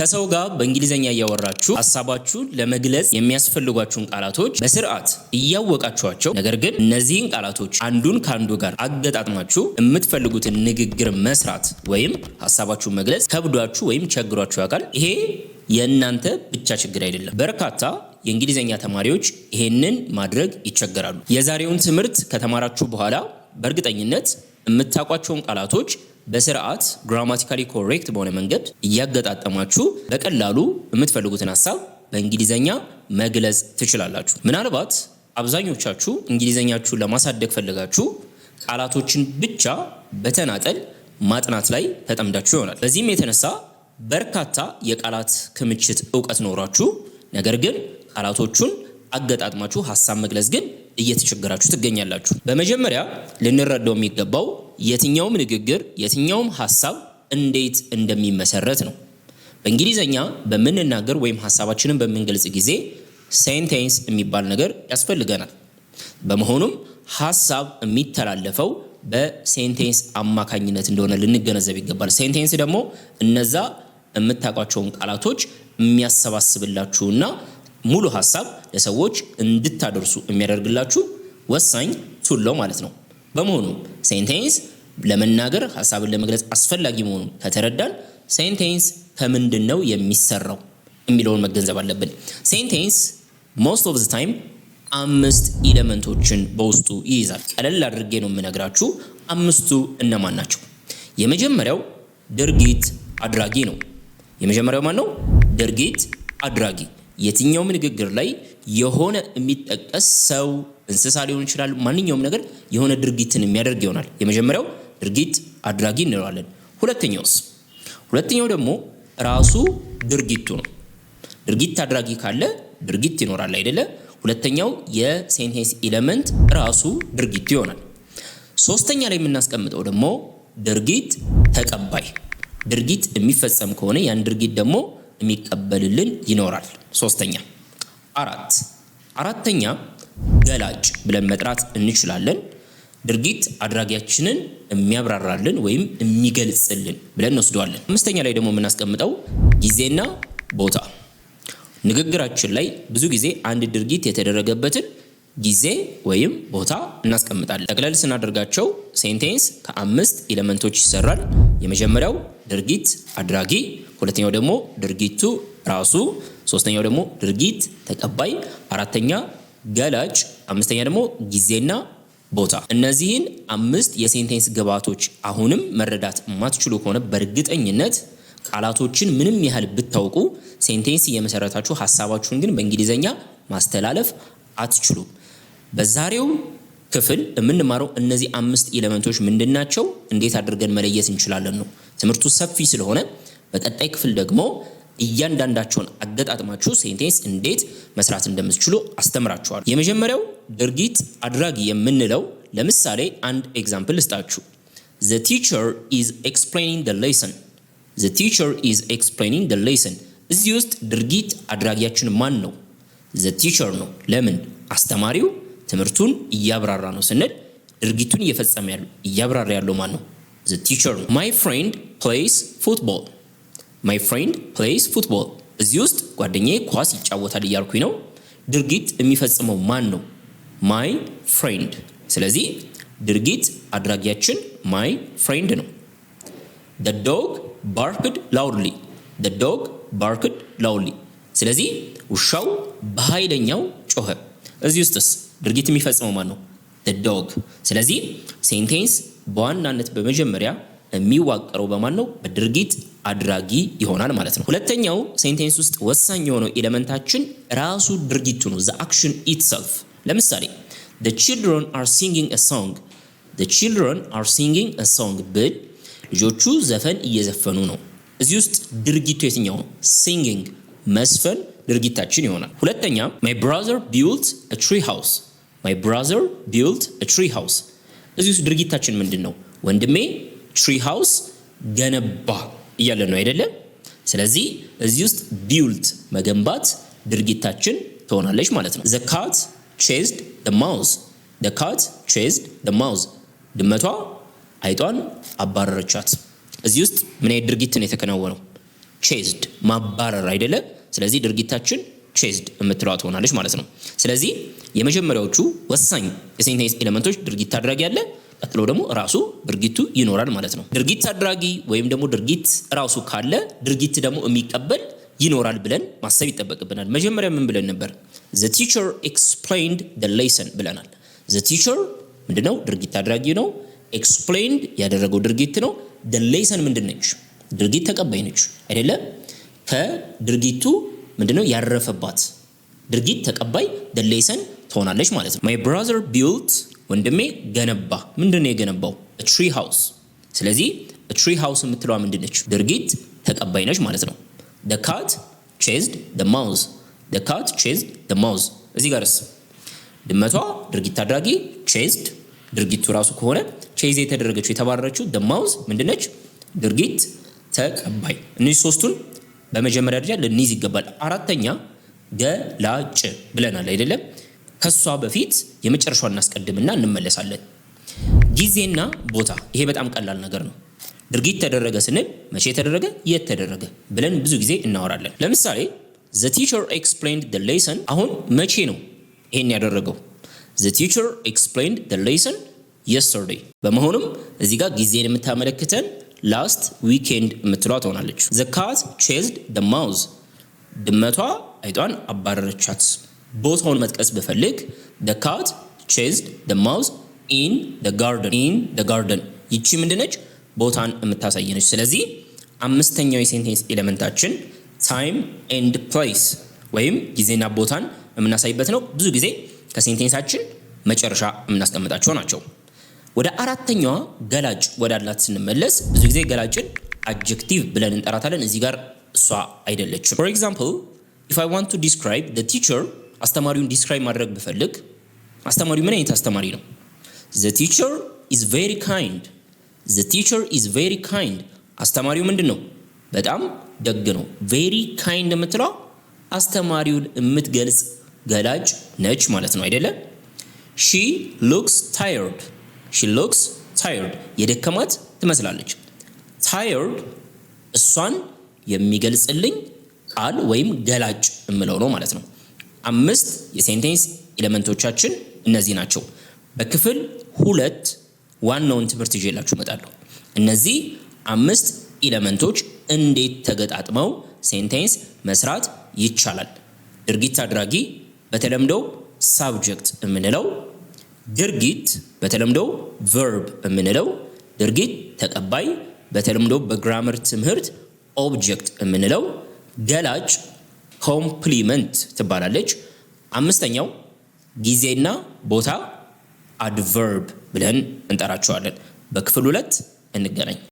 ከሰው ጋር በእንግሊዝኛ እያወራችሁ ሀሳባችሁን ለመግለጽ የሚያስፈልጓችሁን ቃላቶች በስርዓት እያወቃችኋቸው፣ ነገር ግን እነዚህን ቃላቶች አንዱን ከአንዱ ጋር አገጣጥማችሁ የምትፈልጉትን ንግግር መስራት ወይም ሀሳባችሁን መግለጽ ከብዷችሁ ወይም ቸግሯችሁ ያውቃል? ይሄ የእናንተ ብቻ ችግር አይደለም። በርካታ የእንግሊዝኛ ተማሪዎች ይሄንን ማድረግ ይቸገራሉ። የዛሬውን ትምህርት ከተማራችሁ በኋላ በእርግጠኝነት የምታውቋቸውን ቃላቶች በስርዓት ግራማቲካሊ ኮሬክት በሆነ መንገድ እያገጣጠማችሁ በቀላሉ የምትፈልጉትን ሀሳብ በእንግሊዘኛ መግለጽ ትችላላችሁ። ምናልባት አብዛኞቻችሁ እንግሊዘኛችሁን ለማሳደግ ፈልጋችሁ ቃላቶችን ብቻ በተናጠል ማጥናት ላይ ተጠምዳችሁ ይሆናል። በዚህም የተነሳ በርካታ የቃላት ክምችት እውቀት ኖሯችሁ፣ ነገር ግን ቃላቶቹን አገጣጥማችሁ ሀሳብ መግለጽ ግን እየተቸገራችሁ ትገኛላችሁ። በመጀመሪያ ልንረዳው የሚገባው የትኛውም ንግግር የትኛውም ሀሳብ እንዴት እንደሚመሰረት ነው። በእንግሊዘኛ በምንናገር ወይም ሀሳባችንን በምንገልጽ ጊዜ ሴንቴንስ የሚባል ነገር ያስፈልገናል። በመሆኑም ሀሳብ የሚተላለፈው በሴንቴንስ አማካኝነት እንደሆነ ልንገነዘብ ይገባል። ሴንቴንስ ደግሞ እነዛ የምታውቋቸውን ቃላቶች የሚያሰባስብላችሁና ሙሉ ሀሳብ ለሰዎች እንድታደርሱ የሚያደርግላችሁ ወሳኝ ቱል ማለት ነው። በመሆኑ ሴንቴንስ ለመናገር ሀሳብን ለመግለጽ አስፈላጊ መሆኑ ከተረዳን ሴንቴንስ ከምንድን ነው የሚሰራው የሚለውን መገንዘብ አለብን። ሴንቴንስ ሞስት ኦፍ ዘ ታይም አምስት ኢለመንቶችን በውስጡ ይይዛል። ቀለል አድርጌ ነው የምነግራችሁ። አምስቱ እነማን ናቸው? የመጀመሪያው ድርጊት አድራጊ ነው። የመጀመሪያው ማን ነው? ድርጊት አድራጊ የትኛውም ንግግር ላይ የሆነ የሚጠቀስ ሰው፣ እንስሳ ሊሆን ይችላል። ማንኛውም ነገር የሆነ ድርጊትን የሚያደርግ ይሆናል። የመጀመሪያው ድርጊት አድራጊ እንለዋለን። ሁለተኛውስ? ሁለተኛው ደግሞ ራሱ ድርጊቱ ነው። ድርጊት አድራጊ ካለ ድርጊት ይኖራል አይደለ? ሁለተኛው የሴንቴንስ ኤለመንት ራሱ ድርጊቱ ይሆናል። ሶስተኛ ላይ የምናስቀምጠው ደግሞ ድርጊት ተቀባይ ድርጊት የሚፈጸም ከሆነ ያን ድርጊት ደግሞ የሚቀበልልን ይኖራል። ሶስተኛ አራት አራተኛ ገላጭ ብለን መጥራት እንችላለን። ድርጊት አድራጊያችንን የሚያብራራልን ወይም የሚገልጽልን ብለን እንወስደዋለን። አምስተኛ ላይ ደግሞ የምናስቀምጠው ጊዜና ቦታ። ንግግራችን ላይ ብዙ ጊዜ አንድ ድርጊት የተደረገበትን ጊዜ ወይም ቦታ እናስቀምጣለን። ጠቅለል ስናደርጋቸው ሴንቴንስ ከአምስት ኤሌመንቶች ይሰራል። የመጀመሪያው ድርጊት አድራጊ ሁለተኛው ደግሞ ድርጊቱ ራሱ፣ ሶስተኛው ደግሞ ድርጊት ተቀባይ፣ አራተኛ ገላጭ፣ አምስተኛ ደግሞ ጊዜና ቦታ። እነዚህን አምስት የሴንቴንስ ግብዓቶች አሁንም መረዳት የማትችሉ ከሆነ በእርግጠኝነት ቃላቶችን ምንም ያህል ብታውቁ ሴንቴንስ እየመሰረታችሁ ሀሳባችሁን ግን በእንግሊዝኛ ማስተላለፍ አትችሉም። በዛሬው ክፍል የምንማረው እነዚህ አምስት ኤሌመንቶች ምንድን ናቸው፣ እንዴት አድርገን መለየት እንችላለን ነው። ትምህርቱ ሰፊ ስለሆነ በቀጣይ ክፍል ደግሞ እያንዳንዳቸውን አገጣጥማችሁ ሴንቴንስ እንዴት መስራት እንደምትችሉ አስተምራችኋል። የመጀመሪያው ድርጊት አድራጊ የምንለው ለምሳሌ አንድ ኤግዛምፕል ልስጣችሁ። ዘ ቲቸር ኢዝ ኤክስፕሌኒንግ ደ ሌሰን። ዘ ቲቸር ኢዝ ኤክስፕሌኒንግ ደ ሌሰን። እዚህ ውስጥ ድርጊት አድራጊያችን ማን ነው? ዘ ቲቸር ነው። ለምን? አስተማሪው ትምህርቱን እያብራራ ነው ስንል ድርጊቱን እየፈጸመ ያለው እያብራራ ያለው ማን ነው? ዘ ቲቸር ነው። ማይ ፍሬንድ ፕሌይስ ፉትቦል ማይ ፍሬንድ ፕሌይስ ፉትቦል። እዚህ ውስጥ ጓደኛዬ ኳስ ይጫወታል እያልኩኝ ነው። ድርጊት የሚፈጽመው ማን ነው? ማይ ፍሬንድ። ስለዚህ ድርጊት አድራጊያችን ማይ ፍሬንድ ነው። ደ ዶግ ባርክድ ላውድሊ። ደ ዶግ ባርክድ ላውድሊ። ስለዚህ ውሻው በኃይለኛው ጮኸ። እዚህ ውስጥስ ድርጊት የሚፈጽመው ማን ነው? ደ ዶግ። ስለዚህ ሴንቴንስ በዋናነት በመጀመሪያ የሚዋቀረው በማን ነው? በድርጊት አድራጊ ይሆናል ማለት ነው። ሁለተኛው ሴንቴንስ ውስጥ ወሳኝ የሆነው ኤለመንታችን ራሱ ድርጊቱ ነው፣ ዘ አክሽን ኢትሰልፍ። ለምሳሌ the children are singing a song the children are singing a song ብል ልጆቹ ዘፈን እየዘፈኑ ነው። እዚህ ውስጥ ድርጊቱ የትኛው ነው? ሲንጊንግ መስፈን ድርጊታችን ይሆናል። ሁለተኛ my brother built a tree house my brother built a tree house እዚህ ውስጥ ድርጊታችን ምንድን ነው? ወንድሜ ትሪ ሃውስ ገነባ እያለን ነው አይደለም። ስለዚህ እዚህ ውስጥ ቢውልት መገንባት ድርጊታችን ትሆናለች ማለት ነው። ዘ ካት ቼዝድ ደ ማውዝ፣ ዘ ካት ቼዝድ ደ ማውዝ፣ ድመቷ አይጧን አባረረቻት። እዚህ ውስጥ ምን አይነት ድርጊትን የተከናወነው? ቼዝድ ማባረር አይደለም። ስለዚህ ድርጊታችን ቼዝድ የምትለዋ ትሆናለች ማለት ነው። ስለዚህ የመጀመሪያዎቹ ወሳኝ የሴንቴንስ ኤሌመንቶች ድርጊት ታደረግ ያለ ቀጥሎ ደግሞ ራሱ ድርጊቱ ይኖራል ማለት ነው። ድርጊት አድራጊ ወይም ደግሞ ድርጊት ራሱ ካለ ድርጊት ደግሞ የሚቀበል ይኖራል ብለን ማሰብ ይጠበቅብናል። መጀመሪያ ምን ብለን ነበር? ዘ ቲቸር ኤክስፕሌይንድ ደ ሌሰን ብለናል። ዘ ቲቸር ምንድነው? ድርጊት አድራጊ ነው። ኤክስፕላይንድ ያደረገው ድርጊት ነው። ደ ሌሰን ነች? ድርጊት ተቀባይ ነች አይደለ? ከድርጊቱ ምንድነው ያረፈባት ድርጊት ተቀባይ ደ ሌሰን ትሆናለች ማለት ነው። ማይ ብራዘር ቢልት ወንድሜ ገነባ። ምንድን ነው የገነባው? ትሪ ሃውስ። ስለዚህ ትሪ ሃውስ የምትለዋ ምንድን ነች? ድርጊት ተቀባይ ነች ማለት ነው። ደ ካት ቼዝድ ደ ማውዝ፣ ደ ካት ቼዝድ ደ ማውዝ። እዚህ ጋርስ ድመቷ ድርጊት አድራጊ ቼዝድ፣ ድርጊቱ ራሱ ከሆነ ቼዝ የተደረገችው የተባረረችው፣ ደ ማውዝ ምንድነች? ድርጊት ተቀባይ። እነዚህ ሶስቱን በመጀመሪያ ደረጃ ልንይዝ ይገባል። አራተኛ ገላጭ ብለናል አይደለም? ከእሷ በፊት የመጨረሻው እናስቀድምና እንመለሳለን። ጊዜና ቦታ፣ ይሄ በጣም ቀላል ነገር ነው። ድርጊት ተደረገ ስንል መቼ ተደረገ፣ የት ተደረገ ብለን ብዙ ጊዜ እናወራለን። ለምሳሌ ዘ ቲቸር ኤክስፕሌንድ ዘ ሌሰን። አሁን መቼ ነው ይሄን ያደረገው? ዘ ቲቸር ኤክስፕሌንድ ዘ ሌሰን የስተርዴይ። በመሆኑም እዚህ ጋር ጊዜን የምታመለክተን ላስት ዊኬንድ የምትሏ ትሆናለች። ዘ ካት ቼዝድ ዘ ማውዝ፣ ድመቷ አይጧን አባረረቻት። ቦታውን መጥቀስ ብፈልግ ደ ካት ቼዝድ ደ ማውዝ ኢን ደ ጋርደን ኢን ደ ጋርደን ይቺ ምንድነች? ቦታን የምታሳየነች። ስለዚህ አምስተኛው የሴንቴንስ ኤሌመንታችን ታይም ኤንድ ፕሌስ ወይም ጊዜና ቦታን የምናሳይበት ነው። ብዙ ጊዜ ከሴንቴንሳችን መጨረሻ የምናስቀምጣቸው ናቸው። ወደ አራተኛዋ ገላጭ ወዳላት ስንመለስ ብዙ ጊዜ ገላጭን አጀክቲቭ ብለን እንጠራታለን። እዚህ ጋር እሷ አይደለችም። ፎር ኤግዛምፕል ኢፍ አይ ዋንት ቱ ዲስክራይብ ቲቸር አስተማሪውን ዲስክራይብ ማድረግ ብፈልግ አስተማሪው ምን አይነት አስተማሪ ነው? ዘ ቲቸር ኢዝ ቬሪ ካይንድ ዘ ቲቸር ኢዝ ቬሪ ካይንድ። አስተማሪው ምንድን ነው? በጣም ደግ ነው። ቬሪ ካይንድ የምትለው አስተማሪውን የምትገልጽ ገላጭ ነች ማለት ነው አይደለ? ሺ ሉክስ ታየርድ ሺ ሉክስ ታየርድ፣ የደከማት ትመስላለች። ታየርድ እሷን የሚገልጽልኝ ቃል ወይም ገላጭ የምለው ነው ማለት ነው። አምስት የሴንቴንስ ኤሌመንቶቻችን እነዚህ ናቸው። በክፍል ሁለት ዋናውን ትምህርት ይዤላችሁ እመጣለሁ። እነዚህ አምስት ኤሌመንቶች እንዴት ተገጣጥመው ሴንቴንስ መስራት ይቻላል። ድርጊት አድራጊ በተለምዶ ሳብጀክት የምንለው ድርጊት በተለምዶ ቨርብ የምንለው ድርጊት ተቀባይ በተለምዶ በግራመር ትምህርት ኦብጀክት የምንለው ገላጭ ኮምፕሊመንት ትባላለች። አምስተኛው ጊዜና ቦታ አድቨርብ ብለን እንጠራቸዋለን። በክፍል ሁለት እንገናኝ።